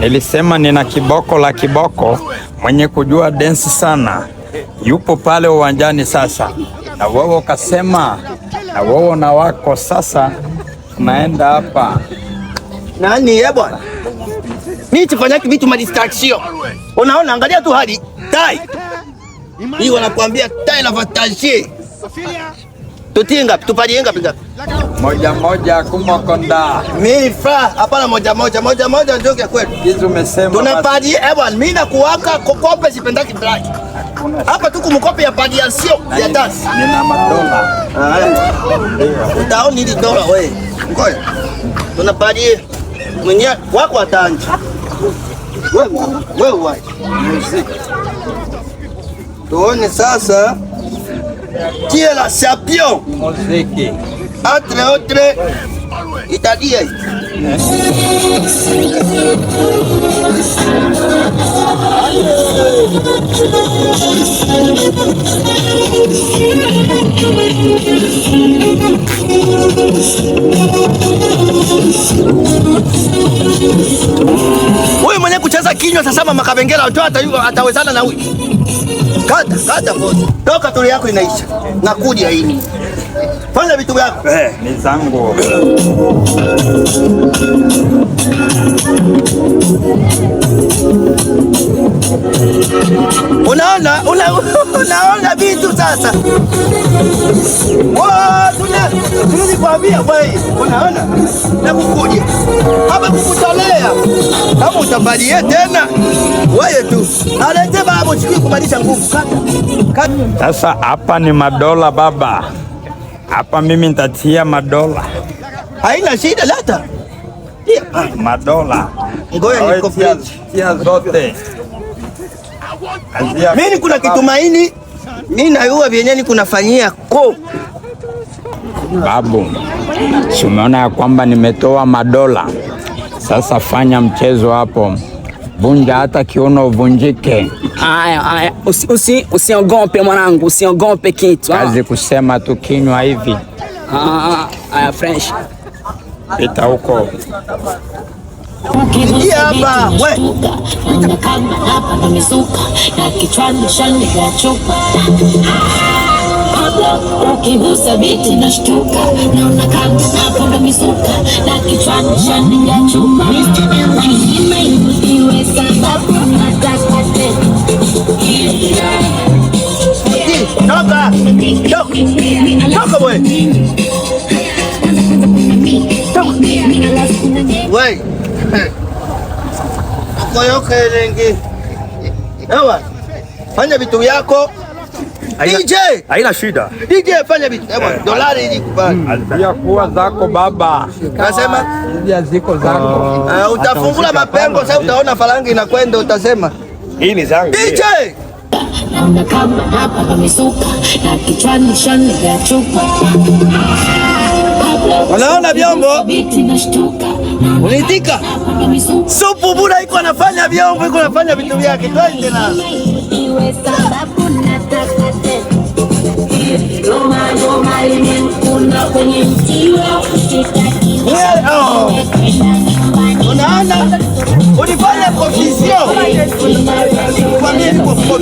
Nilisema nina kiboko la kiboko mwenye kujua densi sana, yupo pale uwanjani sasa. Na wewe ukasema na wewe na wako sasa, tunaenda hapa nani ye bwana, mimi sifanyaki vitu madistraction. Unaona, angalia tu hadi tai hii wanakuambia tai la fatashe Tutie ngapi? Tupaje ngapi ngapi? Moja moja kumokonda. konda mifa hapana moja moja moja moja ndio ya kwetu. Hizo umesema. Tunapaji ewan, mimi na kuwaka kokope sipendaki black. Hapa tuko mkope ya paji ya sio ya dance. Nina madola. Ah. Eh. Utao ni dola we Ngoja. Tunapaji mwenye wako atanje. Wewe wewe. Muziki. Tuone sasa qui est la champion, entre autres italiens. Huyu mwenye kucheza kinywa sasa, Mama Kavengera atawezana na huyu Kata, kata kodi, Toka tuli yako inaisha. Nakuja hii. Fanya vitu vyako. Eh, ni zangu. Unaona, unaona vitu sasa. Wao, tuna tunakwambia bwana, unaona? na kukuja Hapa kukutolea. Kama utambalie tena, wewe tu. Alete kama uchukui nguvu. Sasa hapa ni madola baba, hapa mimi nitatia madola, haina shida. Lata ah. madola, ngoja nikope tia zote. Mimi kuna kitumaini, mi nayua vyenye ni kunafanyia ko babu, si umeona ya kwamba nimetoa madola. Sasa fanya mchezo hapo. Vunja hata kiuno uvunjike. Haya haya, usiongope usi, mwanangu usiongope kitu. Kazi kusema tu kinywa hivi. Haya French. Pita huko. Ingia Toka wewe. Wewe. Okoyokelengi. Ewa. Fanya vitu yako. DJ. Haina shida. DJ fanya vitu. Ewa, eh, dolari hii kubali. Ya kuwa zako baba. Nasema ndia ziko zako. Eh, utafungula mapengo sasa utaona farangi inakwenda utasema. Hii ni zangu. DJ naona kama hapa pamesuka na kichwani shani ya chupa. Unaona vyombo unitika supu bura iko anafanya vyombo iko anafanya vitu vyake, twende na Oh. Ilikuwa moto